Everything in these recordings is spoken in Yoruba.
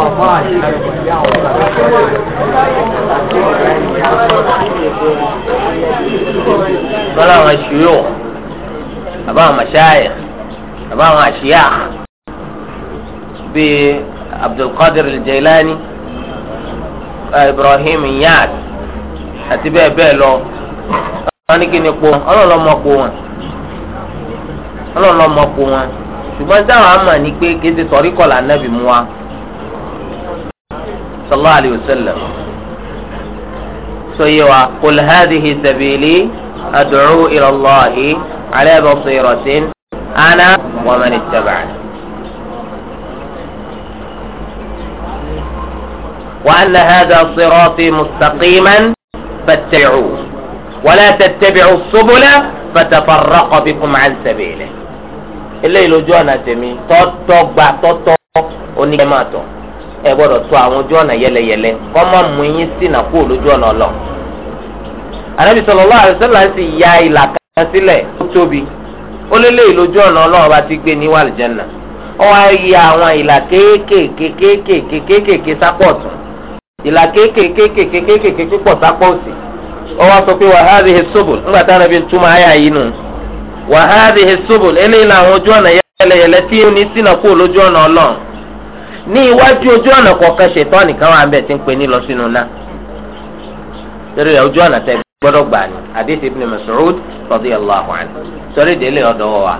lọ́la àwọn aṣèyọ àbá àwọn aṣáyẹ àbá a. aṣíyà bíi Abdulkadir Jailani Ibrahim Iyad àti bẹ́ẹ̀ bẹ́ẹ̀ lọ wọ́n ní kí ni po ọlọ́ọ̀lọ́ mọ̀ po wọn ọlọ́ọ̀lọ́ mọ̀ po wọn صلى الله عليه وسلم سيوا قل هذه سبيلي أدعو إلى الله على بصيرة أنا ومن اتبعني وأن هذا صراطي مستقيما فاتبعوه ولا تتبعوا السبل فتفرق بكم عن سبيله الليل جوانا تمي تو تو ونقماتهم ẹ gbọ́dọ̀ tó àwọn ojú ọ̀nà yẹlẹyẹlẹ kọ́ mọ́ mú yín sínà kó lójú ọ̀nà lọ. ànábì sallallahu alaihi wasallam sì ya ìlà kan sílẹ̀ ó tóbi ó lé léyìí lójú ọ̀nà ọlọ́run bá ti gbé ní wà lìjẹ́nà ó wá ya àwọn ìlà kéékèèké kéékèèké kéékèèké sápọ̀tù ìlà kéékèèké kéékèèké pọ̀ sápọ̀tù ó wá sọ pé wa hadhihi subul ńgbà táwọn ẹbí túmọ̀ ní iwájú ojú ọ̀nà kọ̀ọ̀kan ṣètọ́ nìkan wà bẹ́ẹ̀ tí ń pè ní lọ sínú náà torí rẹ̀ ojú ọ̀nà tẹ gbọ́dọ̀ gbà ní hadith ibn Mas'ud radiyallahu anhu sọrí délé ọ̀dọ̀ wa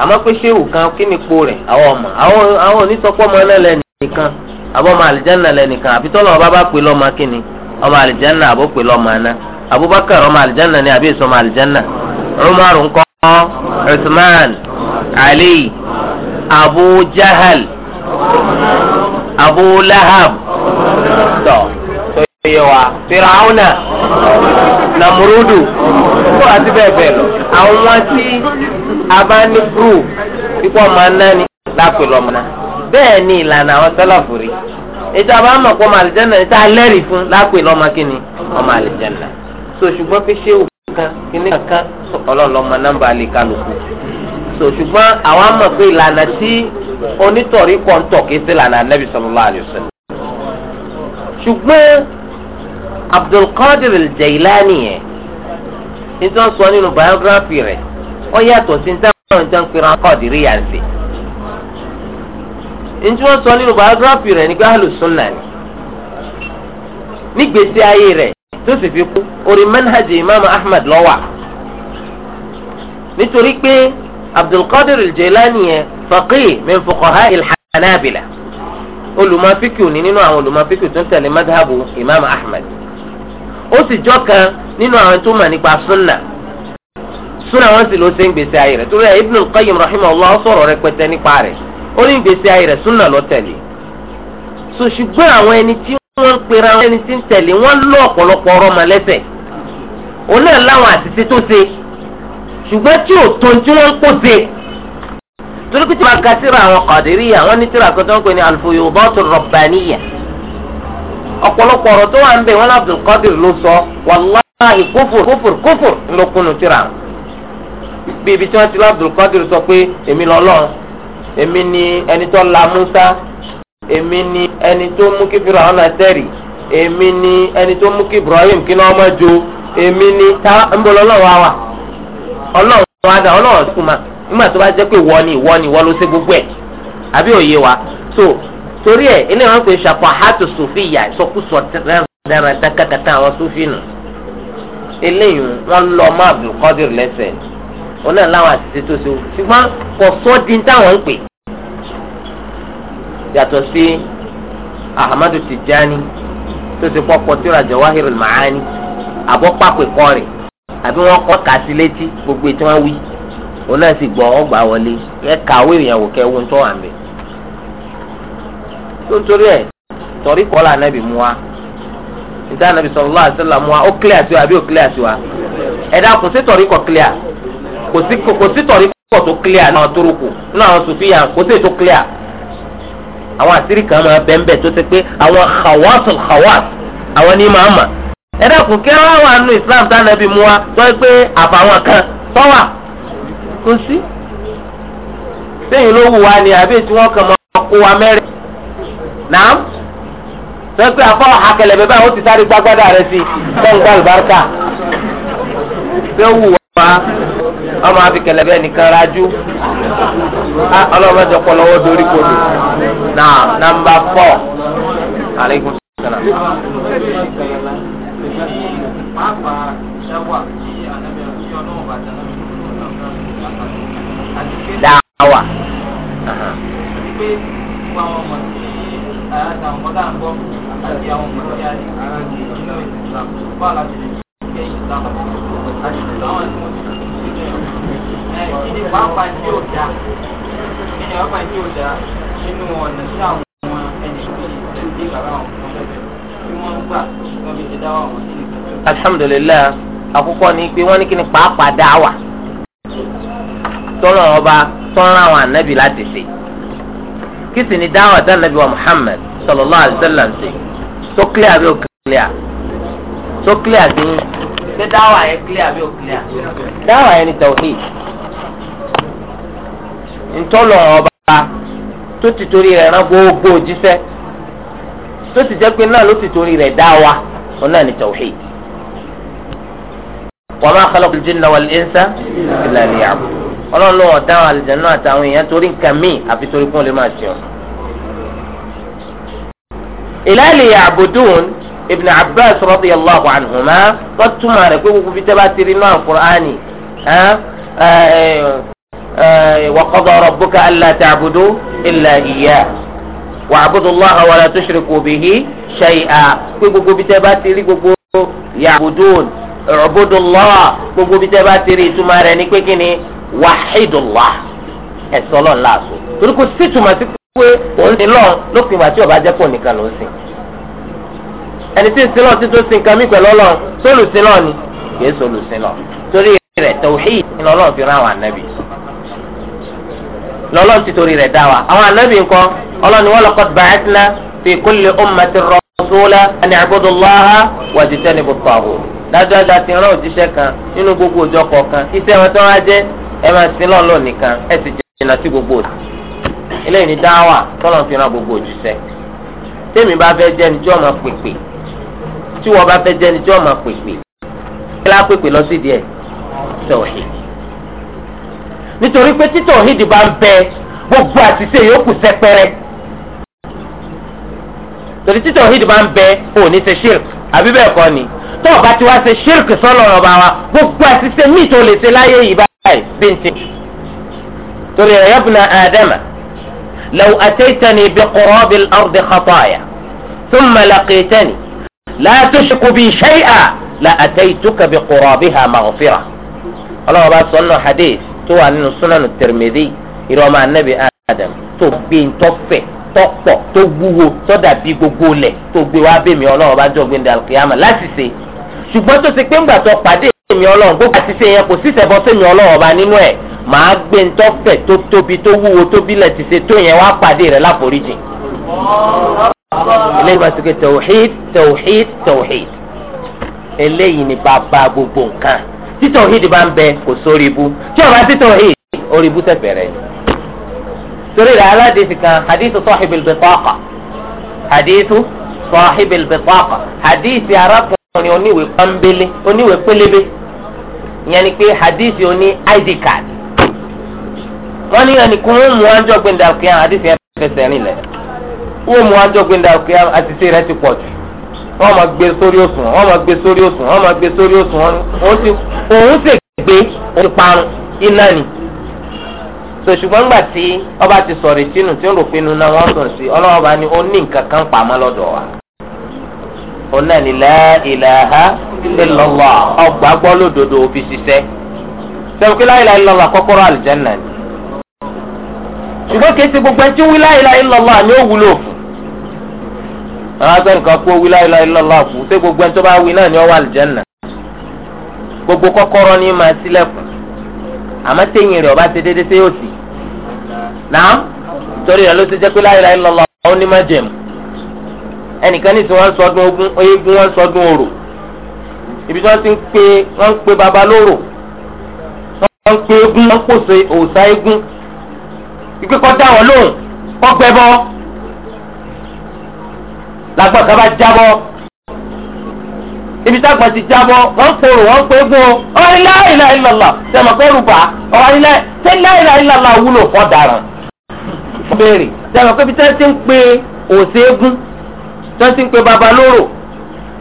àmọ́ pé ṣéwù kan kí ni po rẹ̀ àwọn ọmọ àwọn onítọ́pọ̀ ọmọ náà lẹ́nìkan àbọ̀ ọmọ àlìjánà lẹ́nìkan àbí tọ́lọ̀ ọba bá pè lọ́mọ kíni ọmọ àlìjánà àbó pè lọ́mọ aná Abubakar ọmọ àlìjánà ni àbí ìsọmọ àlìjánà Umar ńkọ́ Uthman Ali Abu Jahal abu lahab tọ sọyẹ wa firawuna namurudu tó àti bẹ́ẹ̀ bẹ́ẹ̀ lọ àwọn tí a bá ní group ikú ọmọ anáni lápè lọ́mọ náà bẹ́ẹ̀ ni ìlànà àwọn sẹ́làfù rí ìta bá mọ̀ pé ọmọ àlìjẹ́nà ìta lẹ́rìí fún lápè lọ́mọ kínní ọmọ àlìjẹ́nà so ṣùgbọ́n fi ṣé òkú kan kínní kankan ọlọ́ọ̀lọ́mọ nọ́mbà lè kálukú so ṣùgbọ́n àwọn mọ̀ pé ìlànà tí onítọ̀rí kọ́ ń tọ̀ kí sílànà anabi sallallahu alayhi wa sallam. ṣùgbọ́n abdulkadir al-jailani yẹn nítorí sọ nínú biography rẹ̀ ó yàtọ̀ sí táwọn ìjọ ń pera kọ́ọ̀dìrí yà ń sè. nítorí wọ́n sọ nínú biography rẹ̀ ní gbàlù sunna ni nígbèsè ayé rẹ̀ tó sì fi kú orí manhaji imaamu ahmed lọ́wà nítorí pé abdulkadir jailani yẹn faqih min fuqaha al-hanabila olùmọ̀fíkìù ní nínú àwọn olùmọ̀fíkìù tó ń tẹ̀lé madhabu imam ahmed ó sì jọ́ kan nínú àwọn tó mọ̀ nípa sunna sunna wọn sì ló ṣe ń gbèsè ayé rẹ̀ torí ibn al-qayyim rahimahullah sọ̀rọ̀ rẹpẹtẹ nípa rẹ̀ ó ní gbèsè ayé rẹ̀ sunna ló tẹ̀lé so ṣùgbọ́n àwọn ẹni tí wọ́n ń pera àwọn ẹni tí ń tẹ̀lé wọ́n lọ ọ̀pọ̀lọpọ̀ ọ̀rọ̀ mọ̀ lẹ́sẹ̀ òun náà láwọn àtìsí tó ṣe ṣùgbọ́n tí ò tó tí wọ́n ń kó ṣe torí pé tí wọ́n ka síra àwọn Qadiriyya àwọn ní síra kan tó ń pè ní al-Fuyudat ar-Rabbaniyya ọ̀pọ̀lọpọ̀ ọ̀rọ̀ tó wà ń bẹ̀ wọ́n ní Abdul Qadir ló sọ wàláhì kófòr kófòr kófòr ló kúnnù síra bíbi tí wọ́n ti lọ Abdul Qadir sọ pé èmi lọ́lọ́run èmi ni ẹni tó la Musa èmi ni ẹni tó mú kí ọ̀nà tẹ́rì èmi ni ẹni tó mú kí Ibrahim kí náà ọmọ jo èmi ni ta ń bọ̀ lọ́lọ́run wa wa ọlọ́run wa dà ọlọ́run sùn máa nígbà tó bá jẹ́ pé wọ́n ni ìwọ́ ni ìwọ́ ló ṣe gbogbo ẹ̀ àbí òye wa so torí ẹ̀ ilé wọn pè ṣàfàhátù sùfìyà ìsọkúsọ dáradá kàkàtà àwọn sùfìnù eléyìí wọn lọ mọ Abdulkadir lẹ́sẹ̀ òun náà láwọn àtìsí tó ṣe ṣùgbọ́n kò sọ́ọ́dín táwọn ń pè yàtọ̀ sí Ahmadu Tijani tó ti kọ́kọ́ tíra Jawahirul Maani àbọ̀ pàpẹ́ kọ́rin àbí wọ́n kọ́ kàásì létí gbogbo ètò wọn wí òun náà sì gbọ́ ọgbà wọlé ẹ kàwé ìyàwó kẹwò ń tọ́ wà mí. tó ń torí ẹ̀ torí kọ́lá anábì mu wa níta anábì sallallahu alaihi wasallam mu wa ó clear sí wa àbí ó clear sí wa ẹ̀dá kò sí torí kọ́ clear kò sí torí kọ́ tó clear náà tórókù náà àwọn sòfíà kò sí tó clear àwọn àṣírí kan máa bẹ́ńbẹ́ tó ṣe pé àwọn khawasul khawas àwọn ní máa mà ẹ̀dá kò kí wọ́n wà nù Islam tá anábì mu wa tó ṣe pé àfàwọn kan tọ́wà kò sí sẹ́yìn ló wù wá ni àbí tí wọ́n kàn máa kó wa mẹ́rin náà sọ́kẹ́ afọ́ akẹlẹ̀ bẹ́ẹ̀ báyìí ó ti sáré gbágbádá rẹ sí gbọ̀ngbọ̀ àlùbáríkà ṣé wù wá ọmọ afikẹlẹ̀ bẹ́ẹ̀ nìkan rájú ọlọ́mọdé ọpọlọwọ́ dorí kodò náà nàmbà fọ́ aleykum salaam. wà. Nínú ọ̀nà sí àwọn ẹni tó ti dé bàbá àwọn ọmọ lẹ́gbẹ̀ẹ́ tí wọ́n ń gbà wọ́n fi ṣe dáwọ́ àwọn sí ìgbà. Alhamdulilayi, àkọ́kọ́ ni pé wọ́n ní kí ni pàápàá dáwà tọ́lọ̀ ọba tọ́lọ̀ àwọn ànábì láti ṣe kí sì ni dáwà dánàbí wa Muhammad sallallahu alaihi wasallam ṣe tó clear bí ó clear tó clear sí ní ṣé dáwà yẹn clear bí ó clear dáwà yẹn ni tawhid ntọ́lọ̀ ọba tó ti torí rẹ̀ rán gbogbo jíṣẹ́ tó ti jẹ́ pé náà ló ti torí rẹ̀ dá wa náà ni tawhid wa ma khalaqul jinna wal insa illa ọlọ́run ló wọ̀ dáhùn àlùjáná àtàwọn èèyàn torí nǹkan míì àfi torí kún lè máa ṣeun. ìlàlẹ̀ àbùdùn ibn abbas radiyallahu anhuma wọ́n túmọ̀ rẹ̀ pé gbogbo fìtẹ́ bá ti rí náà kúránì wa qada rabbuka alla ta'budu illa iyyah wa'budu allaha wa la tushriku bihi shay'a pé gbogbo fìtẹ́ bá ti rí gbogbo ya'budun u'budu allaha gbogbo fìtẹ́ bá ti rí ìtumọ̀ rẹ̀ ní pé kíni wàhídùlá ẹ̀sọ́ lọ́n láàṣọ torí kò sí túmọ̀ sí pé òun ti lọ́n lópin ìgbà tí ọba jẹ́ pọ̀ nìkan ló ń sìn ẹni tí ń sin lọ́n títún sin kan mí pẹ̀lú ọlọ́run sólùsìn lọ́n ni kì í sólùsìn lọ́n torí rẹ̀ tòwíì ni ọlọ́run fi rán àwọn ànábì lọ́lọ́run ti torí rẹ̀ dá wa àwọn ànábì nǹkan ọlọ́run wọ́n lọ́kọ́ bàtínà fi kulli ẹ máa sin lọ́ọ̀lọ́ nìkan ẹ sì jìnnà sí gbogbo òsì eléyìí ni dáwà tọ́lọ̀ fi ran gbogbo òjíṣẹ́ tèmi bá fẹ́ jẹ́ níjọ́ ọmọ pèpè tí wọ́n bá fẹ́ jẹ́ níjọ́ ọmọ pèpè kí lá pèpè lọ sí díẹ̀ tọ̀hìn nítorí pé títọ̀ hídì bá ń bẹ gbogbo àtìsé yòókù sẹ́pẹ́rẹ́ torí títọ̀ hídì bá ń bẹ òní ṣe ṣírk àbí bẹ́ẹ̀ kọ́ ni tọ́ọ̀ bá ti wá ṣe ṣírk sọ́lọ́rọ̀ bá wa gbogbo àtìsé míì tó lè ṣe láyé yìí bá أي بنتي ترى يا ابن آدم لو أتيتني بقراب الأرض خطايا ثم لقيتني لا تشك بي شيئا لأتيتك بقرابها مغفرة الله بقى صلى حديث تو أن سنن الترمذي إرام النبي آدم تو بين توفي tọpọ tó wúwo tọdà bí gbogbo lẹ tó gbé wá bèmí Ọlọ́run bá jọ gbẹndẹ alùpùpù yàmà láti ṣe ṣùgbọ́n tó ti pé ńgbà tó pàdé èmi ọlọ́run gbogbo àti ṣe yẹn kò sí ìṣẹ̀bọ sẹ́mi ọlọ́run ọba nínú ẹ̀ màá gbé ntọ́fẹ̀ tó tóbi tó wúwo tó bílẹ̀ ti ṣe tó yẹn wá pàdé rẹ̀ láforíjì. eléyìí bá ti ké tawhid tawhid tawhid eléyìí ni bàbá gbogbo nǹkan tí tawhid bá ń bẹ kò sórí ibú tí ọba tí tawhid orí ibú tẹ̀ bẹ̀rẹ̀ ni. torí rẹ̀ aládìsí kan hadith sahibil bitaqa hadith sahibil bitaqa hadith arákùnrin. ọkùnrin oníwèé pọ́nbélé oníwèé pélébé ìyẹn ni pé hadith yóò ní id card wọ́n ní ẹnì o ó mú àjọ gbẹ̀ndà òkè àwọn hadith yẹn fẹsẹ̀ rìn lẹ̀ ó mú àjọ gbẹ̀ndà òkè àwọn àtìsí ti pọ̀ jù wọ́n máa gbé sórí òsùn wọ́n máa gbé sórí òsùn wọ́n máa gbé sórí òsùn wọ́n òun ti òun sì gbé òun so ṣùgbọ́n gbà ọba ti sọ̀rọ̀ ìtinú tí rò pinnu náà wọ́n sí ọlọ́wọ́ bá ní ó ní nǹkan kan lọ́dọ̀ ọ̀nà ni la ilaha illallah ọgbà gbọ́ lódodo òfi ṣiṣẹ́ sẹ́wọ́kí la ilaha illallah kọ́kọ́rọ́ àlùjánnà ni. ṣùgbọ́n kìí ṣe gbogbo ẹtí wí la ilaha illallah ni ó wúlò fún. àwọn agbẹ́ nǹkan kú wí la ilaha illallah kù ṣé gbogbo ẹtí wọ́n bá wí náà ni ó wà àlùjánnà. gbogbo kọ́kọ́rọ́ ni máa sílẹ̀kùn àmọ́ téyìn rẹ̀ ọba ṣe déédéé ṣé yóò náà torí rẹ̀ ló ti jẹ́ pé la ilaha illallah ó ní májẹ̀mú ẹnìkan ní tí wọ́n sọdún ogún eégún wọ́n sọdún orò ibi tí wọ́n ti ń pe wọ́n ń pe babalóró wọ́n ń pe eégún wọ́n ń pòṣe òòṣà eégún ìpè dá wọn lóhùn kọ́ gbẹ́bọ́ làgbọ̀n kan bá jábọ́ ibi tí àgbà ti jábọ́ wọ́n kóró wọ́n pé gún o ọ̀rọ̀ ilá ilá ìlàlá sẹ́mi pẹ́rù bá ọ̀rọ̀ ilá sẹ́mi ilá ìlàlá wúlò fọ́ dàrán. wọ́n ti ń pe tọ́sí ń pe baba kò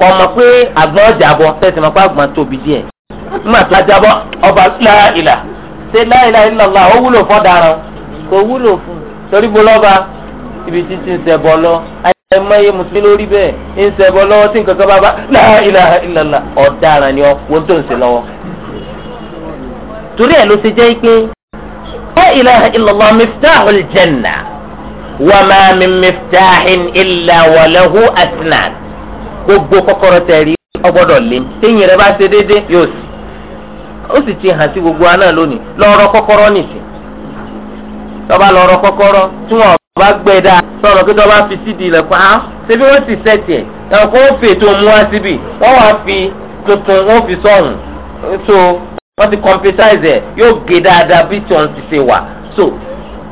ọmọ pé àgbọn jàbọ̀ tẹ̀sí mọ̀ pé àgbọn tóbi díẹ̀ nígbà tó ọba láìlà ṣé láìlà ìlọ̀lá ó wúlò fọ́ daran kò wúlò fún torí bo lọ́ba ibi títí ń sẹ̀ bọ̀ lọ ẹ mọye mùsùlùmí lórí ń tí nǹkan kan bá bá láìlà ni ọ wo tó ń torí ló ṣe jẹ́ pé láìlà wa ma min miftahin illa wa lahu atnan gbogbo kọ́kọ́rọ́ tẹ̀rí ọgbọ́dọ̀ lé téyìn rẹ bá ṣe déédéé yóò sì ó sì ti hàn sí gbogbo wa náà lónìí lọ́rọ̀ kọ́kọ́rọ́ nìsí tọ́ba lọ́rọ̀ kọ́kọ́rọ́ tí wọ́n bá gbẹ dáa sọ̀rọ̀ pé tọ́ba fi sídìí ilẹ̀kùn á ṣebí wọ́n ti sẹ́tì ẹ̀ ẹ̀kọ́ ó fè tó mú wá síbi wọ́n wá fi tuntun wọ́n fi sọ̀hún so wọ́n ti computerize ẹ̀ yóò gé dáadáa bí tí wọ́n ti ṣe wà so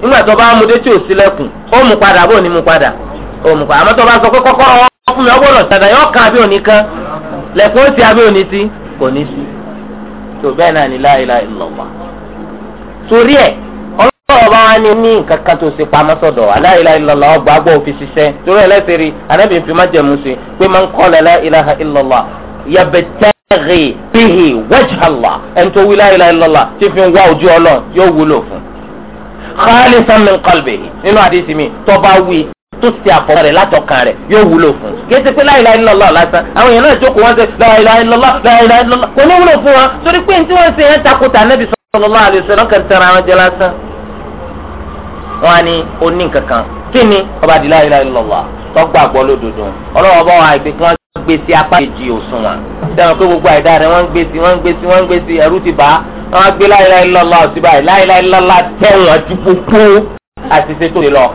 nígbà tó bá mú détí òsílẹ̀kùn ó mú padà bó ní mú padà ó mú padà àmọ́ tó bá sọ pé kọ́kọ́rọ́ fún mi ọgbọ́dọ̀ sàdá yọ kan àbí òní kan lẹ̀kùn ó ti àbí òní ti kò ní sí tó bẹ́ẹ̀ náà ní la ilaha illallah torí ẹ̀ ọlọ́wọ́ bá wá ní ní nǹkan kan tó ṣe pamọ́ sọ̀dọ̀ la ilaha illallah ọgbà gbọ́ òfin ṣiṣẹ́ torí ẹlẹ́sìn rí anábìrin fi má jẹ̀mú sí pé máa ń kọ́ la ilaha illallah yabẹ̀tẹ́ bihi wajhallah ẹni tó wí la ilaha illallah tí fi ń wá khalisan min qalbihi nínú àdìsí mi tó bá wí tó ti àkọ́kọ́ rẹ̀ látọkàn rẹ̀ yóò wúlò fún un. kéésì pé la ilaha illallah lásán àwọn èèyàn náà jókòó wọn ṣe la ilaha illallah la ilaha illallah kò ní wúlò fún wọn torí pé ní tí wọ́n ṣe yẹn takùtà nẹ́bí sallallahu alaihi wasallam kàn tẹ̀ra wọn jẹ lásán. wọn á ní oní kankan kí ni ọba di la ilaha illallah tọ́gbà gbọ́ lódodo ọlọ́wọ́ bá wọn àìpé kí wọ́n wọ́n gbé sí apá kejì òṣùwọ̀n sẹ́wọ̀n pé gbogbo àìdá rẹ̀ wọ́n gbé sí wọ́n gbé sí wọ́n gbé sí ẹ̀rú ti bá wọ́n gbé láìláì lọ́lá ọ̀sí báyìí láìláì lọ́lá tẹ̀wọ̀n ju gbogbo àṣìṣe tó lọ.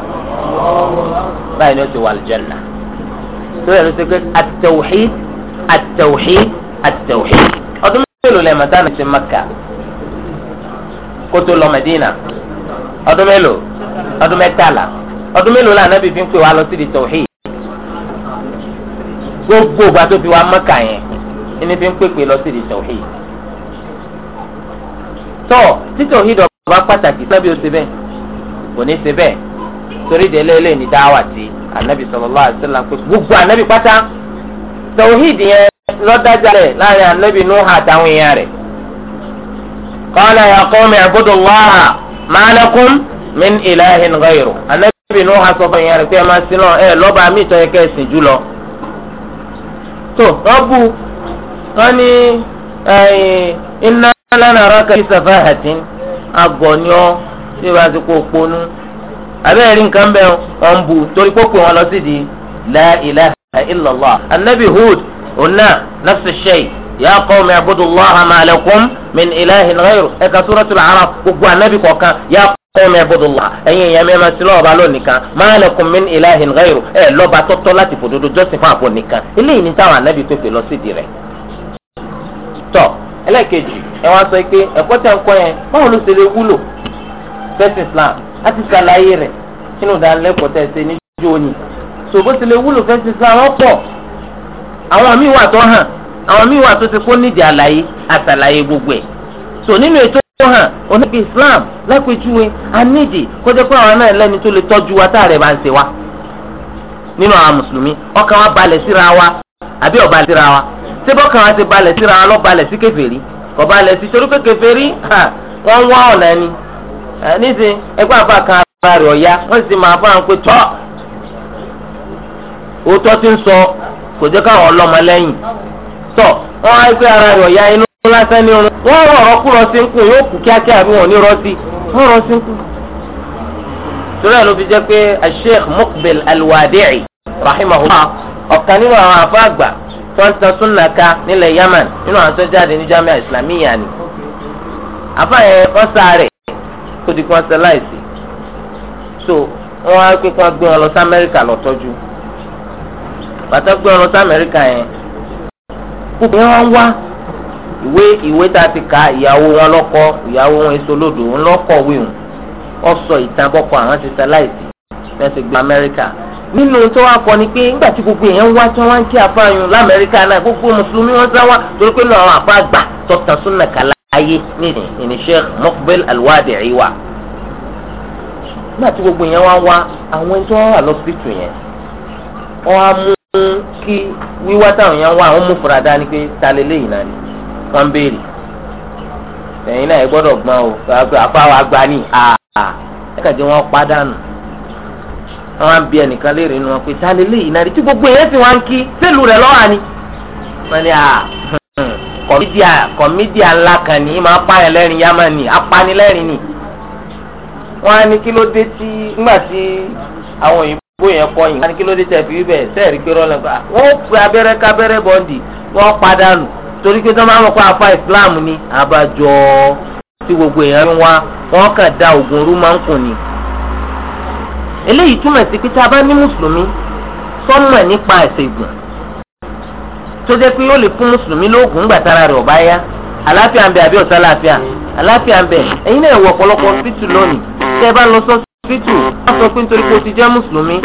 báyìí ni ó ti wà àlùjánnà sórí ẹ̀rọ ti pé at-tawhid at-tawhid at-tawhid ọdún mélòó lẹ́ẹ̀ mọ̀tánù ti Mẹ́kà kótó lọ Mẹ́dínà ọdún mélòó ọdún mẹ́tàlá ọdún mélòó lànà gbogbo ìgbà tó fi wá mọ́kà yẹn ẹni fi ń pèpè lọ sí ìdìtọ̀hì. tọ́ títọ̀ hídọ̀ bá pàtàkì sábẹ́ ó bẹ́ẹ̀ kò ní ṣe bẹ́ẹ̀ torí délé eléyìí ní dáwà tí anabi sallallahu alaihi wasallam pé gbogbo anabi pátá tọ̀hídì yẹn lọ́dájà rẹ̀ láàrin anabi Nuh ya èèyàn rẹ̀ mi tó wọ́n bu wọ́n ní iná lánàá rọ́ọ̀kì ní sàfáhàtì àgọ̀ ni ọ́ ṣé wàá ti kó ponú abẹ́rẹ́ rí nǹkan bẹ́ẹ̀ wọ́n bu torí pópò wọn lọ sí di la ilaha illallah anabi hud ona nafsi shay ya qawmi abudullaha ma lakum min ilahin ghayru ẹ̀ka suratul araf gbogbo anabi kọ̀ọ̀kan ya kọ́ọ̀mù ẹ̀bùdù lọ ẹ̀yin èèyàn mẹ́rin sí lọ́ọ̀bá lónìí kan máa lẹ́kùn mí ìlàhìn ghayru ẹ̀ lọ́ba tọ́tọ́ láti fòdodo jọ́sìn fún àbọ̀ nìkan eléyìí ní táwọn anábì tó pè lọ sídìí rẹ̀. tọ́ ẹlẹ́ẹ̀kejì ẹ wá sọ pé ẹ̀kọ́ tẹ̀ ń kọ́ yẹn báwo ló ṣe lè wúlò fẹ́sìn Islam láti ṣàlàyé rẹ̀ nínú ìdánilẹ́kọ̀ọ́ tẹ̀ ṣe níjó ni so bó ṣe lè wúlò fẹ́sìn Islam ọ̀pọ̀ àwọn míì wà tó hàn àwọn míì wà tó ti kó nídìí àlàyé àtàlàyé gbogbo ẹ̀ so nínú ètò ó hàn oníbi islam lápẹjúwe anídìí kọjá pé àwọn náà lẹ́ni tó lè tọ́jú wa tá a rẹ̀ bá ń ṣe wa nínú àwọn mùsùlùmí ọkàn wa balẹ̀ síra wa àbí ó balẹ̀ síra wa ṣé bọ́kàn wa ti balẹ̀ síra wa ló balẹ̀ sí kèfèrí kò balẹ̀ sí torí pé kèfèrí wọ́n wá ọ̀nà ni níṣẹ́ ẹgbẹ́ àfa kan ara rẹ̀ ọ̀ya wọ́n sì máa fọ́ àwọn pé tọ́ òótọ́ ti ń sọ kò jẹ́ káwọn ọlọ́mọ lẹ́yìn tọ́ wọ́n á gbé ara rẹ̀ ọ̀ya inú lásán ní ọrùn wọ́n rọ̀ ọ̀rọ̀ kú rọ́ọ̀sì ń kù yóò kú kíákíá àbí wọn ní rọ́ọ̀sì wọ́n ń ló fi pé Sheikh Muqbil al rahimahullah nínú àwọn àfáà tó ń tan Yaman nínú àwọn tó ní Jami'a ni. àfáà yẹn wọ́n di kan lọ sí lọ gbé ìwé ìwé tá a ti ka ìyàwó wọn lọ́kọ ìyàwó wọn èso lòdò ń lọ́kọ wíwùn ọ sọ ìtàn bọ́kọ àwọn ti sẹ́láìsì mẹ́sì gba amẹ́ríkà nínú tó wá kọ ni pé nígbà tí gbogbo èèyàn wá tí wọ́n ń kí afáàyàn lamẹ́ríkà náà gbogbo mùsùlùmí wọn sá wá torí pé náà àwọn àpá àgbà tọ́tàn súnà kàlá ayé ní ìní Sheikh Muqbil Al-Wadi'i wa nígbà tí gbogbo èèyàn wá wá àwọn tó wà lọ́sibítù yẹn wọ́n á mú kí wíwá táwọn èèyàn wá àwọn mú fúradá ni pé ta lélẹ́yìn náà ni wọ́n béèrè ẹ̀yin náà ẹ gbọ́dọ̀ gbọ́n o àfáwọn agbani àà ẹ̀ka jẹ́ wọ́n pàdánù wọ́n á bí ẹnìkan léèrè inú wọn pé ta lélẹ́ yìí náà tí gbogbo èèyàn sì wá ń kí sẹ́lù rẹ̀ lọ́wọ́ ni wọ́n ní àà kọ̀mídìà kọ̀mídìà ńlá kan ní máa pààyàn lẹ́rìn yá máa nì apanilẹ́rìn nì wọ́n á ní kí ló dé tí ńgbà tí àwọn òyìnbó yẹn kọ́ yìí wọ́n á ní kí ló dé tẹ̀ fi wíbẹ̀ sẹ́ẹ̀rí pé rọ́ọ̀lẹ́ torí pé tọ́mọ àwọn ọkọ̀ afa islam ni abájọ tí gbogbo èèyàn ń wá wọn kàn da oògùn orú máa ń kùn ni. eléyìí túmọ̀ sí pé tá a bá ní mùsùlùmí sọ́mọ̀ nípa ẹ̀sẹ̀ ìgbọ̀n tó jẹ́ pé ó lè fún mùsùlùmí lóògùn ńgbà tára rẹ̀ ọ̀bá yá àláfíà ń bẹ àbí ọ̀sá láàfíà àláfíà ń bẹ ẹ̀yin náà wọ ọ̀pọ̀lọpọ̀ hospital lónìí tẹ́ ẹ bá lọ sọ́sọ́ hospital wọ́n sọ pé nítorí pé o ti jẹ́ mùsùlùmí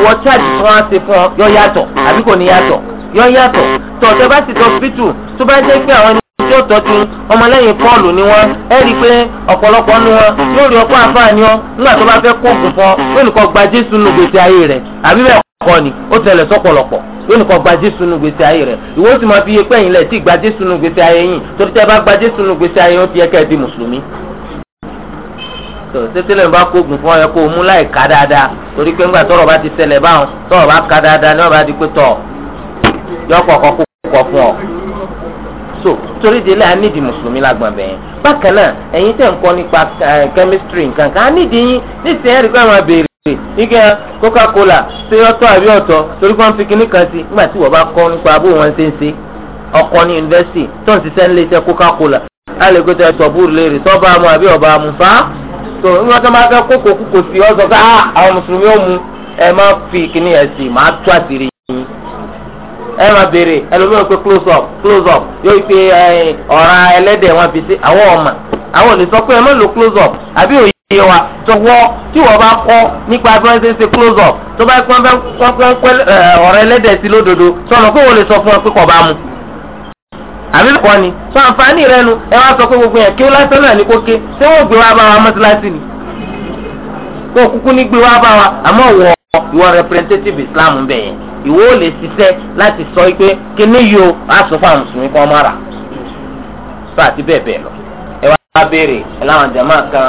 ìwọ charge tí wọ́n á ṣe fún ọ yọ yàtọ̀ àbí kò ní yàtọ̀ yọ yàtọ̀ tọ̀tẹ̀ bá sì tọ́sítù tó bá jẹ́ pé àwọn ẹni tí ó tọ́jú ọmọlẹ́yìn pọ́ọ̀lù ni wọ́n ẹ rí i pé ọ̀pọ̀lọpọ̀ nu wọn yóò rí ọkọ àfààní ọ nígbà tó bá fẹ́ kó ògùn fọ yóò nìkan gba jésù nu gbèsè ayé rẹ̀ àbí bẹ́ẹ̀ kọ́ ni ó tẹ̀lẹ̀ sọ́pọ̀lọpọ̀ yóò nìkan gba jésù nu gbèsè ayé rẹ̀ ìwọ sì máa fi iye pẹ́yìn lẹ̀ tí gba jésù nu gbèsè ayé yìí torí tẹ́ bá gba jésù nu gbèsè ayé ó ti yẹ kẹ́ ẹ di mùsùlùmí tó tètèlè ń bá kógun fún ọyọ kó o mú láì ká dáadáa torí pé ńgbà tọrọ bá ti ṣẹlẹ̀ báwọn tọrọ bá ká dáadáa ní ọba di pé tọ yọ kọ̀ọ̀kọ́ kó fún ọ so torí délé a nídìí mùsùlùmí lágbọ̀n bẹ́ẹ̀ bákan náà ẹ̀yin tẹ̀ ń kọ́ nípa chemistry nǹkan kan a nídìí yín nísìnyí ẹ̀rí pé máa béèrè ike coca-cola ṣé ọ̀tọ̀ àbí ọ̀tọ̀ torí wọ́n fi kinní kan sí nígbà tí wọ́n bá kọ́ nípa bó wọ́n ṣe ń ṣe ọkọ ní yunifásitì tó ń ṣiṣẹ́ ń lé iṣẹ́ coca-cola a lè gbé tẹ sọ̀búrú léèrè sọ́ba mu àbí ọba mu fa so níwọ̀n tó máa fẹ́ kókò ah, kúkò sí ọ ẹ máa béèrè ẹlòmíràn pé close up close up yóò pe ọ̀ràn ẹlẹ́dẹ̀ wọn fi sí àwọn ọ̀mà àwọn olè sọ pé ẹ má lo close up àbí òye wa tọwọ́ tí wọ́n bá kọ́ nípa bí wọ́n ṣe ń ṣe close up tó bá pẹ́ pẹ́ pẹ́ ọ̀rọ̀ ẹlẹ́dẹ̀ sí lódodo sọ̀rọ̀ pé wọ́n lè sọ fún ọ pé kọ̀ bá mu àbí kọ́ ni sọ àǹfààní rẹ nu ẹ wá sọ pé gbogbo yẹn kí ó lásán náà ní kó ké ṣé wọ́n gbé wá bá wa mọ́tíláṣí ni kó kúkú ní gbé wá bá wa àmọ́ wọ ìwọ representative Islam bẹ́ẹ̀ yẹn ìwọ ò lè ṣiṣẹ́ láti sọ pé kíní yìí o á sọ fún àwọn mùsùlùmí kan má rà sọ àti bẹ́ẹ̀ bẹ́ẹ̀ lọ. ẹ wá béèrè ẹ láwọn kan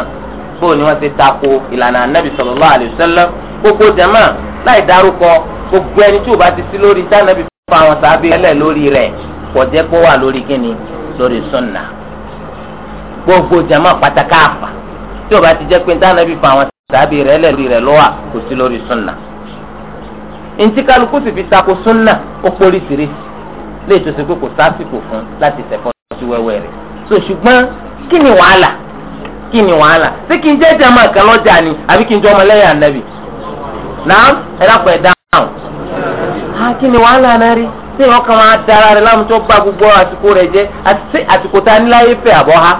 bóun ni wọ́n ti tako ìlànà anabi sallallahu alaihi wasallam gbogbo jama láì dárúkọ gbogbo ẹni tí o bá ti sí lórí dánàbí fún àwọn sábẹ ẹlẹ lórí rẹ̀ kò jẹ́ kó wà lórí kíni lórí sunna gbogbo jama pátákáàfà tí o bá ti jẹ́ pé dánàbí fún àwọn sábẹ rẹ̀ lórí rẹ̀ lọ kò sí lórí sunna ntí kálukú sì fi tako súnà ó póríṣiríṣi lè tó ṣe pé kò sásìkò fún láti ṣẹ̀fọ́ sí wẹ́wẹ́ rẹ̀ so ṣùgbọ́n kí ni wàhálà kí ni wàhálà ṣé kí n jẹ́ jẹ́ máa kàn lọ́jà ni àbí kí n jẹ́ ọmọ lẹ́yìn ànábì náà ẹ dákun ẹ dáhùn á kí ni wàhálà náà rí ṣé wọn kàn máa dára rẹ láwọn tó bá gbogbo àsìkò rẹ jẹ àti àsìkò tá a ní láyé fẹ́ àbọ̀ ha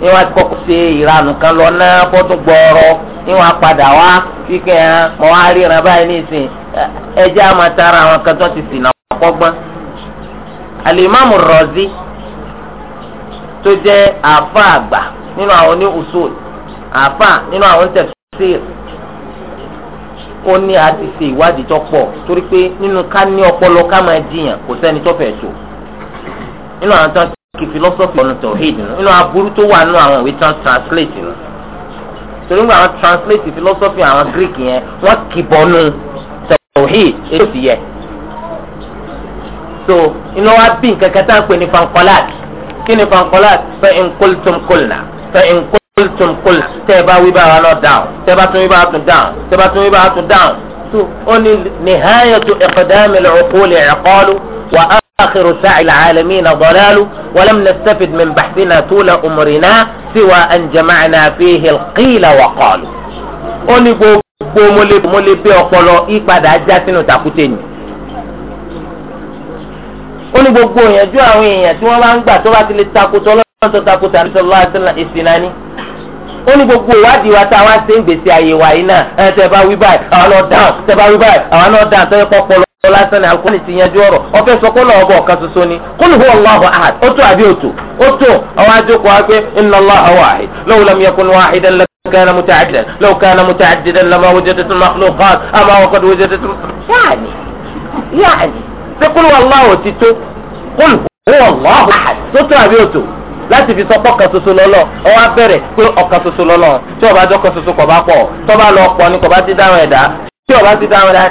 ní wọn kọ́kọ́ ṣe ìranù kan lọ náà kótó gbọ́ọ̀rọ̀ ní wọn padà wá kíkẹ́ ẹ̀ mọ́ wá ríran báyìí nísìn ẹjẹ́ àmọ́tara àwọn kan tó ti sìnà ọ̀pọ̀gbọ́n. alimami rọ̀zi tó jẹ́ àfa àgbà nínú àwọn oní usul àfa nínú àwọn tafsir ó ní a ti ṣe ìwádìí tó pọ̀ torí pé nínú ká ní ọpọlọ ká máa jiyàn kò sẹ́ni tó fẹ́ so nínú àwọn tó ń kí philosophy ọ̀nà tọ̀hídì nù nínú aburú tó wà nínú àwọn ìwé tán translate nù torí wọn àwọn translate philosophy àwọn Greek yẹn wọ́n kì bọ́nú tọ̀hídì èyí sì yẹ. so iná wa bí nǹkan kẹta ń pè ní fankolat kí ni fankolat fẹ́ nkultum kulna fẹ́ nkultum kulna tẹ́ bá wí wa náà dáhùn tẹ́ bá tún wí wa tún dáhùn tẹ́ bá tún wí wa tún dáhùn. so ó ní nìhayatu iqdamil uquli iqalu wà á. آخر سعي العالمين ضلال ولم نستفد من بحثنا طول أمرنا سوى أن جمعنا فيه القيل وقالوا. oni gbogbo mo lè mo lè pe ọpọlọ ìpadà ajá sínú tàkúté ni ó gbogbo ìyànjú àwọn èèyàn tí wọn bá ń gbà tó bá ti lè takò tó lọ́wọ́ tó takò ìsìn náà ni ó ní gbogbo ìwádìí wa tá a wá ṣe ń gbèsè àyè wa yìí náà ẹ tẹ bá wí báyìí àwọn náà dáhùn tẹ bá wí báyìí àwọn náà dáhùn tẹ kọ́ pọlọ lásán ni alukóni ti yanjú ọ̀rọ̀ ọfẹ sọ kó lọọ bọ ọ̀kan ṣoṣo ni qul huwa Allahu ahad ó tó àbí òtò ó tó àwọn àjòkò wa pé inna Allaha wahid law lam yakun wahidan lakana mutaaddidan law kana mutaaddidan lama wajadat al-makhluqat ama waqad wajadat yaani yaani ṣé qul huwa Allahu ti tó qul huwa ahad tó tó àbí òtò láti fi sọ pọkàn ṣoṣo lọlọ ọwọ abẹrẹ pé ọkàn ṣoṣo lọlọ tí ọba jọkàn ṣoṣo kọ bá pọ tọba lọ pọ ni kọ bá ti dáhùn ẹ̀dá tí ọba ti dáhùn ẹ̀dá.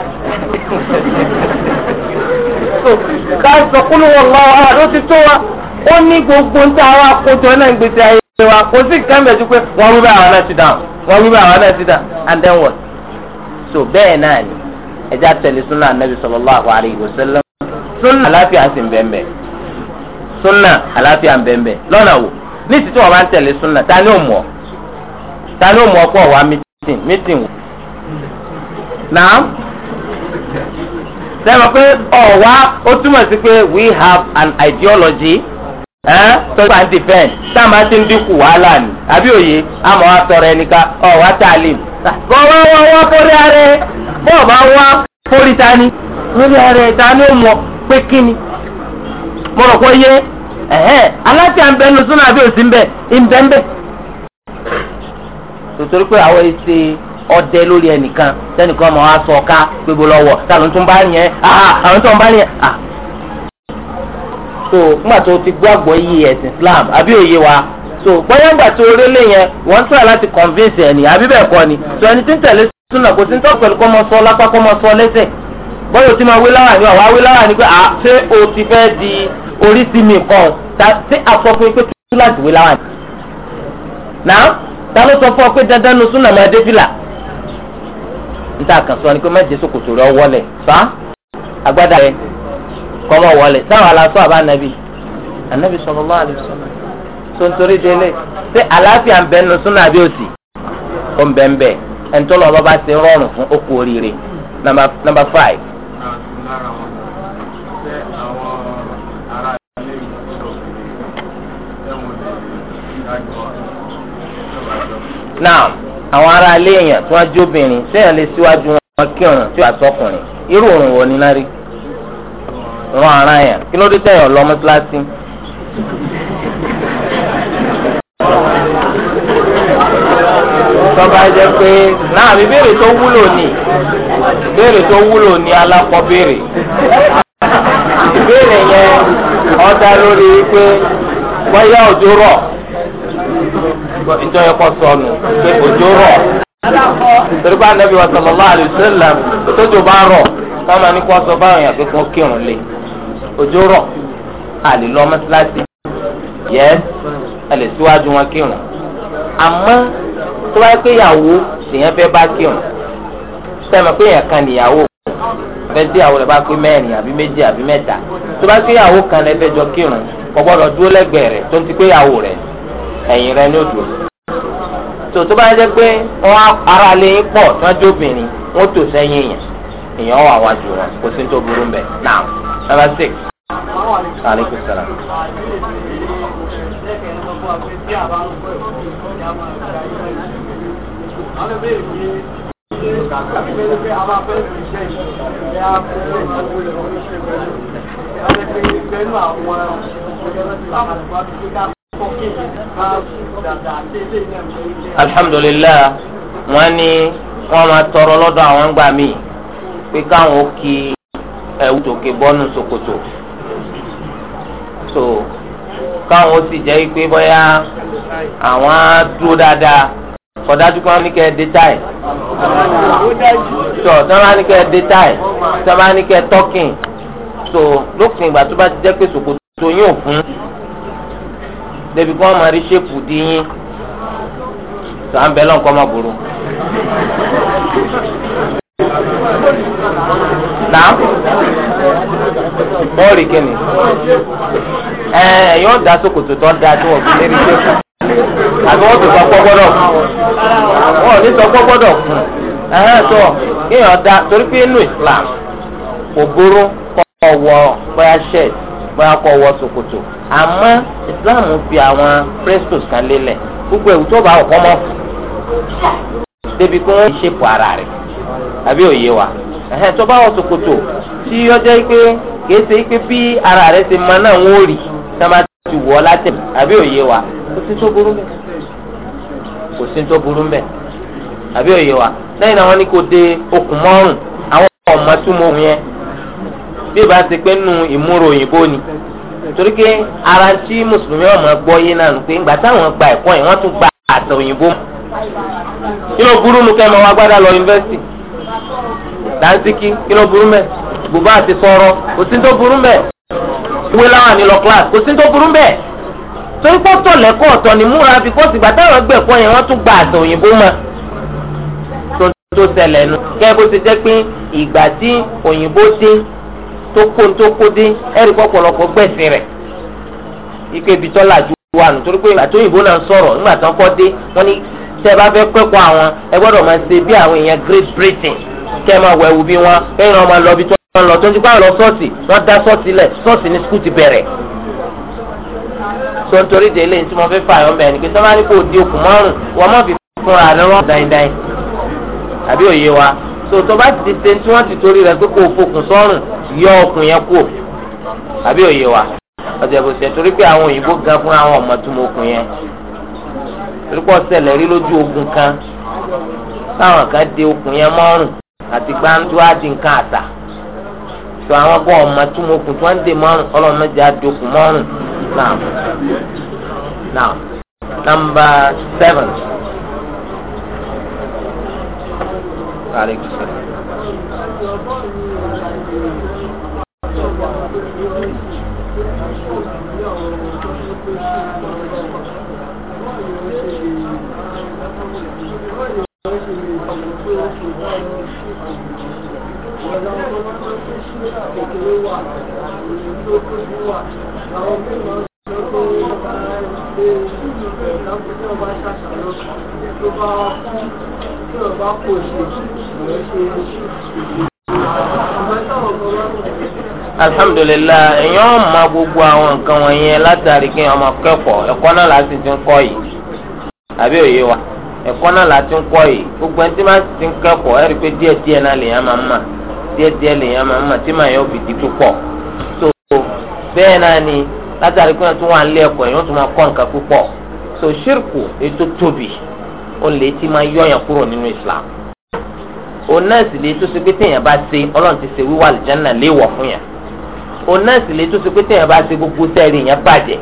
ká sọ kúlù wọn lọ ọ àdó ti tó wa ó ní gbogbo ń tá wa kójọ náà ń gbèsè ayé wa kò sí nǹkan mẹ́jọ pé wọ́n wí bá àwọn náà ti dáhùn wọ́n wí bá àwọn náà ti dáhùn and then what. so bẹ́ẹ̀ náà ni ẹja tẹ̀lé sunnah anabi sallallahu alayhi wa sallam sunnah aláfíà sì ń bẹ́ẹ̀ bẹ́ẹ̀. súnà àlàáfíà ń bẹ̀ẹ̀ lọ́nà wò ní ìsìtì wọn bá ń tẹ̀lé súnà ta ni ó mọ̀ ta ni ó mọ̀ ọ̀pọ̀ wá mítìn mítìn wò. nàá sẹ́wọ̀n pé we have an ideology tọ́jú à ń defend táàmù àti ndínkù wàhálà ni àbí òye wa tọrọ ẹnìkan ọ̀wá tààlìm. kọ́ wá wá wá forí ààrẹ bọ́ọ̀ bá wá forí forí ó mọ̀ pé mo rò yé ẹ̀hẹ́n alájà ń bẹ nu súnà àbí òsì ń bẹ ń bẹ ń bẹ. tòtòrí pé àwọn ọdẹ lórí ẹnìkan sọ gbogbo lọ́wọ́ táwọn tó ń bá yẹn ah. so nígbà tó ti gbọ́ àgbọ̀ yí ẹ̀sìn Islam àbí so bóyá ńgbà tó rélé yẹn wọ́n ń láti convince àbí bẹ́ẹ̀ kọ́ ni so ẹni tí ń tẹ̀lé súnà kò sí ń tọ́ sọ lápá sọ lẹ́sẹ̀ oríṣi mi kan tí afọ sọ fún yín pé tú láti wé láwọn àti. ta ló sọ fún ọ pé dandan nu súnà máa dé fìlà. níta kan sọ ni pé mẹ́jẹ ṣòkòtò rẹ wọlẹ̀ fa anabi anabi tó ń torí délé ṣé àlàáfíà ń bẹ nu súnà àbí òsì ó ń bẹ ń bẹ bá ti náà àwọn ará ilé èèyàn tí wọ́n jóbìnrin séèyàn lè síwájú wọn kírun tí wàá sọkùnrin irú òrùn wo ni lárí ràn ara yẹn kí ló dé tẹ̀yàn lọ mọ́tíláṣí. tọ́ba jẹ́ pé náà mi béèrè tó wúlò ní béèrè tó wúlò ní alákọ̀ ìbéèrè yẹn ó lórí pé wọ́n yá òjò rọ̀ njọ́ yẹ sọnù pé òjò rọ̀ torí nàbí wa sallallahu alaihi tójú bá rọ̀ káwọn ní kó sọ báwọn yàn pé kó kírun lé òjò rọ̀ àlè mọ́sálásí yẹ ẹ lè síwájú wọn kírun àmọ́ tó bá yẹ pé ìyàwó lèyàn fẹ́ bá kírun sẹ́mi pé èèyàn kan nìyàwó fẹ́ dé àwọn rẹ̀ bá pé mẹ́rin àbí méjì àbí mẹ́ta tó bá pé ìyàwó kan lẹ́fẹ̀ẹ́ jọ kírun kò gbọ́dọ̀ dúró lẹ́gbẹ̀ẹ́ rẹ̀ tó ń ti pé ìyàwó rẹ̀ ẹ̀yìn rẹ ní odò tó tó bá jẹ́ pé wọ́n ara lè pọ̀ tí wọ́n jóbìnrin wọ́n tò sẹ́yìn èèyàn èèyàn wà wájú wọn kò sí tó burú mbẹ náà number six aleykum salaam. Thank you alhamdulilayi wọ́n ní wọ́n máa tọrọ lọ́dọ̀ àwọn gbà mí pé káwọn ó kí ẹ̀wù tòkè bọ́nù ṣòkòtò so káwọn ó sì jẹ́ pé bóyá àwọn á dúró dáadáa kọ̀dájú kí wọ́n ní kẹ́ ẹ dé táì tọ̀ tí wọ́n bá ní kẹ́ ẹ dé táì tí wọ́n bá ní kẹ́ ẹ tọ́kìn so lópin ìgbà tó bá ti jẹ́ pé ṣòkòtò yóò fún débi kí wọ́n máa rí ṣépù díyín tó à ń bẹ lọ́nkọ́ má burú. náà bọ́ọ̀lì kìíní ẹ yóò dá sókòtò tó ń da tí wọ́n fi lé rí ṣépù àbí wọ́n ti sọ pọ́ gbọ́dọ̀ wọ́n ò ní sọ pọ́ gbọ́dọ̀ kù ẹ̀hán tó kéèyàn dá torí pé inú Islam kò burú kọ́ ọ̀wọ́ bóyá ṣẹ́ẹ̀tì. bóyá kọ́ wọ sokoto àmọ́ Islam fi àwọn prestos kan lélẹ̀ gbogbo ẹ̀wù tó bá ọ̀kọ́ mọ́ débi pé wọ́n ara rẹ̀ àbí òye wa ẹ̀hẹ́n tó bá tí yọ jẹ́ pé kìí ṣe pé bí ara rẹ̀ ti máa náà wọ́n sábà ti wọ̀ láti àbí òye wa kò sí tó burú de okùn bí ìbá ti pé nù ìmúrò òyìnbó ni torí pé ara tí mùsùlùmí ọmọ gbọ́ yé náà nù pé ìgbà táwọn gba ẹ̀kọ́ yẹn wọ́n tún gba àtẹ òyìnbó mu kí ló burú nu kẹ́ ẹ máa wá gbádà lọ yunifásitì dáńsíkí kí ló burú mẹ́ bùbá àti sọ̀rọ̀ kò sí tó burú mẹ́ ìwé láwọn àní lọ kíláàsì kò sí tó burú mẹ́ torí pé ọ̀tọ̀ lẹ́kọ̀ọ́ ọ̀tọ̀ ni múra bí kò sì gbà táwọn gbẹ̀kọ́ yẹn wọ́n tún gba àtẹ òyìnbó mọ́ tó ṣẹlẹ̀ nu kẹ́ bó ti jẹ́ pé ìgbà tí òyìnbó dín tó kó tó kó dé ẹ̀rí pọ̀pọ̀lọpọ̀ gbẹ̀sìn rẹ̀ ike ibi tó làjú wà nù torí pé àti òyìnbó náà sọ̀rọ̀ nígbà tán kọ́ dé wọ́n ní tẹ́ ẹ bá fẹ́ kẹ́kọ̀ọ́ àwọn ẹ gbọ́dọ̀ máa ṣe bí àwọn èèyàn Great Britain kẹ́ ẹ máa wẹ̀wù bí wọn kẹ́ ìran máa lọ bí tó ń lọ tó ń ti báyọ̀ lọ ṣọ́ọ̀ṣì wọ́n dá ṣọ́ọ̀ṣì lẹ̀ ṣọ́ọ̀ṣì ní skul ti bẹ̀rẹ̀ sọ nítorí délé tí mo fẹ́ fà yọ̀ mẹ́rin pé sábà ní kò di okùn márùn-ún wọ́n má fi fúnra rẹ̀ rán dáindáin àbí òye wa sòtò bá ti ṣe tí wọ́n ti torí rẹ̀ pé kò fokùn sọ́rùn yọ ọkùn yẹn kù àbí òye wa ọ̀sẹ̀ kò ṣe torí pé àwọn òyìnbó gan fún àwọn ọmọ tó mọ okùn yẹn torí pé ọ̀sẹ̀lẹ̀ rí lójú ogun kan táwọn kan de okùn yẹn mọ́rùn àti gbáńtú àti nǹkan àtà tó àwọn bọ́ ọmọ tó mọ okùn tí wọ́n ń de mọ́rùn ọlọ́run mẹ́jẹ àdókùn mọ́rùn náà náà nàmbà sẹ́fẹ̀n. Aleykum salaam. Thank you alhamdulilayi èèyàn ọmọ gbogbo àwọn nǹkan wọ̀nyẹn látàrí kí ọmọ kẹ́kọ̀ọ́ ẹ̀kọ́ náà la sì ti ń kọ́ yìí àbí òye wa ẹ̀kọ́ náà la ti ń kọ́ yìí gbogbo ẹni tí máa ti ń kẹ́kọ̀ọ́ ẹ̀rí pé díẹ̀ díẹ̀ náà lèèyàn máa ń mà díẹ̀ díẹ̀ lèèyàn máa ń mà tí màá yọ bìtì tó pọ̀ so bẹ́ẹ̀ náà ni látàrí pé wọ́n tún wà ń lé ẹ̀kọ́ èèyàn tún máa kọ́ nǹkan púpọ̀ so ṣírkù ètò tóbi ó lè ti máa yọ̀yàn kúrò nínú islam òun náà sì lè tó ṣe pé téèyàn bá ṣe ọlọ́run ti ṣe wíwà àlùjánnà léèwọ̀ fún yàn òun náà sì lè tó ṣe pé téèyàn bá ṣe gbogbo sẹ́ẹ̀rì yẹn bàjẹ́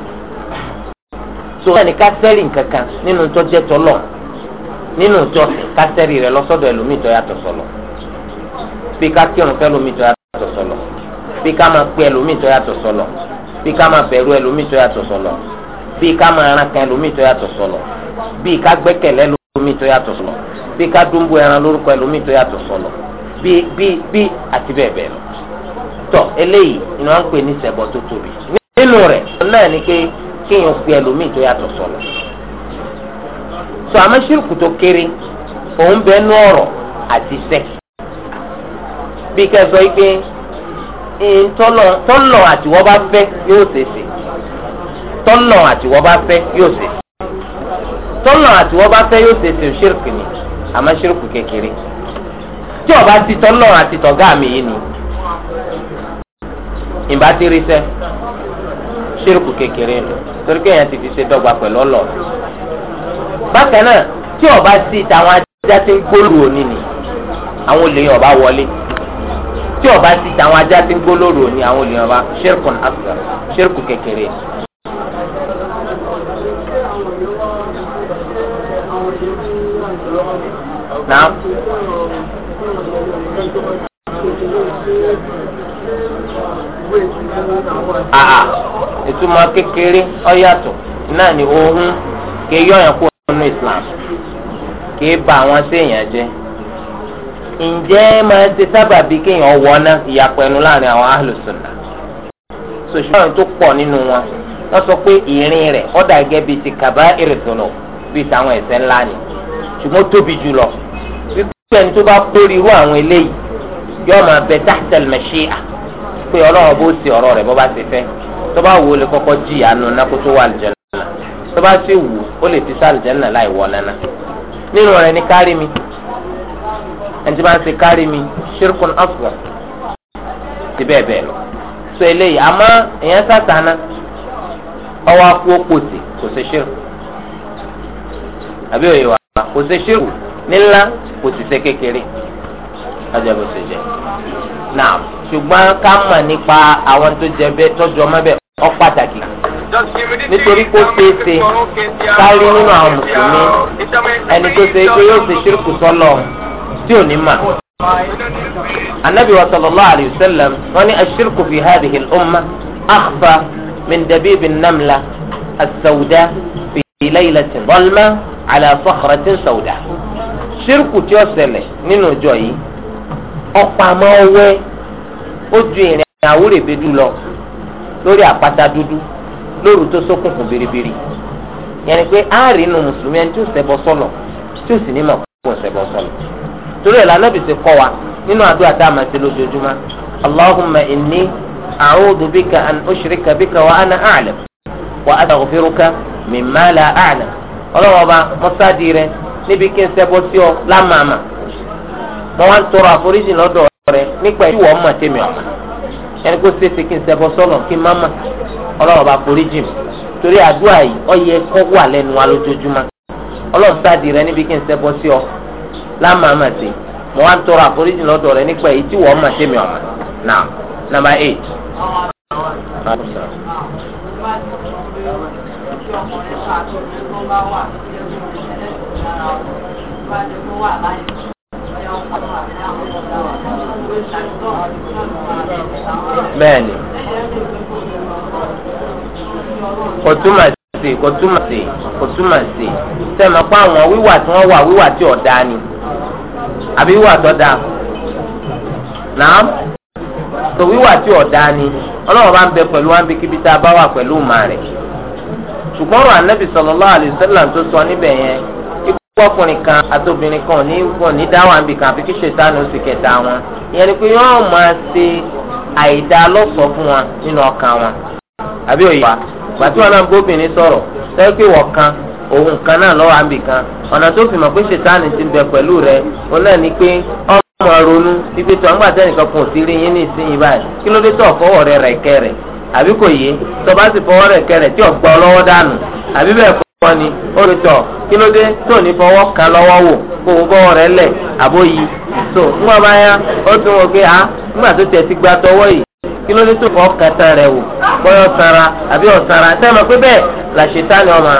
so wọn ni ká sẹ́ẹ̀rì nǹkankan nínú tó jẹ́ tọ́lọ̀ nínú ìjọsìn ká sẹ́ẹ̀rì rẹ lọ́sọ́dọ̀ ẹlòmíì tó yàtọ̀ sọ̀lọ̀ bí ká kírun fẹ́ lómi tó yàtọ̀ sọ̀lọ̀ bí ká máa pe ẹlòmíì tó yàtọ̀ sọ̀lọ̀ bí ká máa bẹ̀rù ẹlòmíì tó yàtọ̀ sọ̀lọ̀ bí ká dúnbú ẹran lórúkọ ẹlòmíì tó yàtọ̀ sọ̀lọ̀ bí bí bí àti bẹ́ẹ̀ bẹ́ẹ̀ lọ. tọ́ eléyìí ni wọ́n ń pè ní sẹ̀bọ̀ tó tóbi. nínú rẹ̀ náà ni pé kéèyàn pe ẹlòmíì tó yàtọ̀ sọ̀lọ̀. sọ àmọ́ ṣírùkù tó kéré òun bẹ nú ọ̀rọ̀ àti sẹ́. bí ká sọ pé tọ́lọ̀ àtiwọ́ bá fẹ́ yóò ṣèṣe tọ́lọ̀ àtiwọ́ bá fẹ́ yóò ṣèṣe tọ́lọ̀ àti wọ́n bá fẹ́ yóò ṣe ṣe ṣírkù ni àmọ́ ṣírkù kékeré tí ọba ti tọ́lọ̀ àti tọ̀gá mi yìí ni ìbá ti rí sẹ́ ṣírkù kékeré ni torí kéèyàn ti fi ṣe dọ́gba pẹ̀lú ọlọ́ bákan náà tí ọba sí tàwọn ajá ti ń gbóòrò òní ni àwọn olè yẹn ọba wọlé tí ọba sí tàwọn ajá ti ń gbóòrò òní àwọn olè yẹn ọba ṣírkù kékeré ni. náà. àà ah. ìtumọ̀ kékeré ọ̀yàtọ̀ náà ni ohun kì yọ̀yàn kúrò nínú Islam kì ba àwọn séèyàn jẹ́ ǹjẹ́ máa ṣe sábà bíi kéèyàn wọná ìyàpẹ̀nu láàrin àwọn ahlùsùnà sòṣùwọ̀n tó pọ̀ nínú wọn wọ́n sọ pé ìrìn rẹ̀ ọ̀dà gẹ́gẹ́ bíi ti kàbá ìrìsùnà bíi tàwọn ńlá ni ṣùgbọ́n tóbi jù lọ pé ẹni tó bá kórè irú àwọn eléyìí yóò máa bẹ tahtal mashi'a pé ọlọ́run bó ti ọ̀rọ̀ rẹ̀ bó bá ti fẹ́ tó bá wù ó lè kọ́kọ́ jìyà nù nákó tó wà àlùjànnà tó bá sì wù ó lè ti sá àlùjànnà láì wọ nana nínú rẹ̀ ní kárí mi ẹni tí bá ń ṣe kárí mi ṣírkùn asghar ti bẹ́ẹ̀ bẹ́ẹ̀ lọ so eléyìí àmọ́ èèyàn sàtànà ọwọ́ akú òpòsì kò ṣe ṣírù àbí òye kò ṣe ṣírù kò sì ṣe kékeré ajabo ṣe jẹ náà ṣùgbọ́n ká mọ̀ nípa àwọn tó jẹ bẹ́ẹ̀ tọ́jú ọmọ bẹ́ẹ̀ ó pàtàkì nítorí kó ṣeéṣe kárí nínú àwọn mùsùlùmí ẹni tó ṣe pé yóò ṣe ṣírkù sọlọ tí ò ní mà. anabi sallallahu alayhi wa sallam wọn ni ashirku fi hadhihi al-umma akhfa min dabib namla as-sawda fi laylatin dhalma ala sakhratin sawda ṣírkù tí ó ṣẹlẹ̀ nínú ọjọ́ yìí ọ̀pọ̀ àmọ́ ọwẹ́ ó ju ìrìn àwúrẹ̀ bedu lọ lórí àpáta dúdú lóru tó ṣókùnkùn biribiri yẹn ni pé àárín inú mùsùlùmí ẹni tí ó ṣẹbọ sọlọ tí ó sì ní mọ̀ kó ń ṣẹbọ sọlọ torí ẹ̀ lànà bìí ṣe kọ́ wa nínú àdúrà tá a máa ṣe lójoojúmọ́ allahumma inni a'udhu bika an ushrika bika wa ana a'lam wa astaghfiruka mimma la a'lam ọlọ́wọ́ ọba mọ́sádìí rẹ̀ níbi kí n ṣẹbọ sí ọ lámàmà mo wá ń tọrọ àforíjì lọ́dọ̀ rẹ nípa ìwọ ọmọ tèmi ọmọ ẹni kó ṣe é ṣe kí n ṣẹbọ sọlọ kí n má mà ọlọ́run bá foríjì mi torí àdúrà yìí ó yẹ kó wà lẹ́nu wa lójoojúmọ́ ọlọ́run sáàdì rẹ níbi kí n ṣẹbọ sí ọ lámàmà sí mo wá ń tọrọ àforíjì lọ́dọ̀ rẹ nípa èyí ọmọ tèmi ọmọ Thank you. bẹ́ẹ̀ni kò túmọ̀ sí kò túmọ̀ sí kò túmọ̀ sí sẹ́mi pa àwọn wíwà tí wọ́n wà wíwà tí ọ̀dà ni àbí wíwà tó dáa náà tó wíwà tí ni ọlọ́run bá ń bẹ pẹ̀lú a bá wà pẹ̀lú ṣùgbọ́n ọ̀rọ̀ ọkùnrin kan àti kan ní wọn ní dáwà ń kan àfi kí ṣètàn oṣù kẹta wọn ìyẹn ni pé yóò máa ṣe àìdá lọ́sọ̀ọ́ fún wọn nínú ọkàn wọn. àbí òye wọn náà sọ̀rọ̀ sẹ́yìn pé wọ́n kan òun kan náà lọ́wọ́ kan ọ̀nà tó fi mọ̀ pé ṣètàn ti bẹ pẹ̀lú náà pé ọmọ ronú rí yín báyìí kí wọ́n ní kí ló dé tó ní fọwọ́ lọ́wọ́ wò kó o bọ́wọ́ rẹ lẹ̀ àbó yìí tó bá yá ó tún pé a ńgbà tó tẹ̀ sí gba tọwọ́ yìí kí ló dé tó fọwọ́ kan rẹ wò bọ́yọ̀ sara àbí ọ̀sara sẹ́mi pé bẹ́ẹ̀ làṣetá ni ma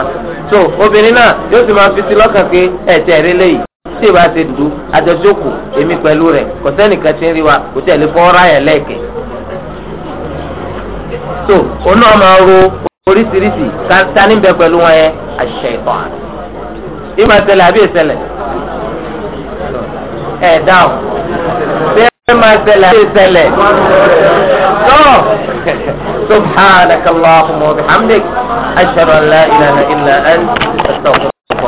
tó obìnrin náà yóò sì máa fi sí lọ́kàn pé ẹ̀tẹ̀ rí si tí ìbá dudu dùdú àjọṣokù èmi pẹ̀lú rẹ̀ kò sẹ́nìkan oríṣiríṣi tani bẹ pẹ̀lú wọn yẹn aṣ-ṣaytan ìmọ̀ ṣẹlẹ̀ àbí ìṣẹlẹ̀ ẹ̀ dáhùn bẹ́ẹ̀ ìmọ̀ ṣẹlẹ̀ àbí ìṣẹlẹ̀ tọ́ subhanakallahumma wa bihamdik ashhadu an la ilaha illa anta astaghfiruka.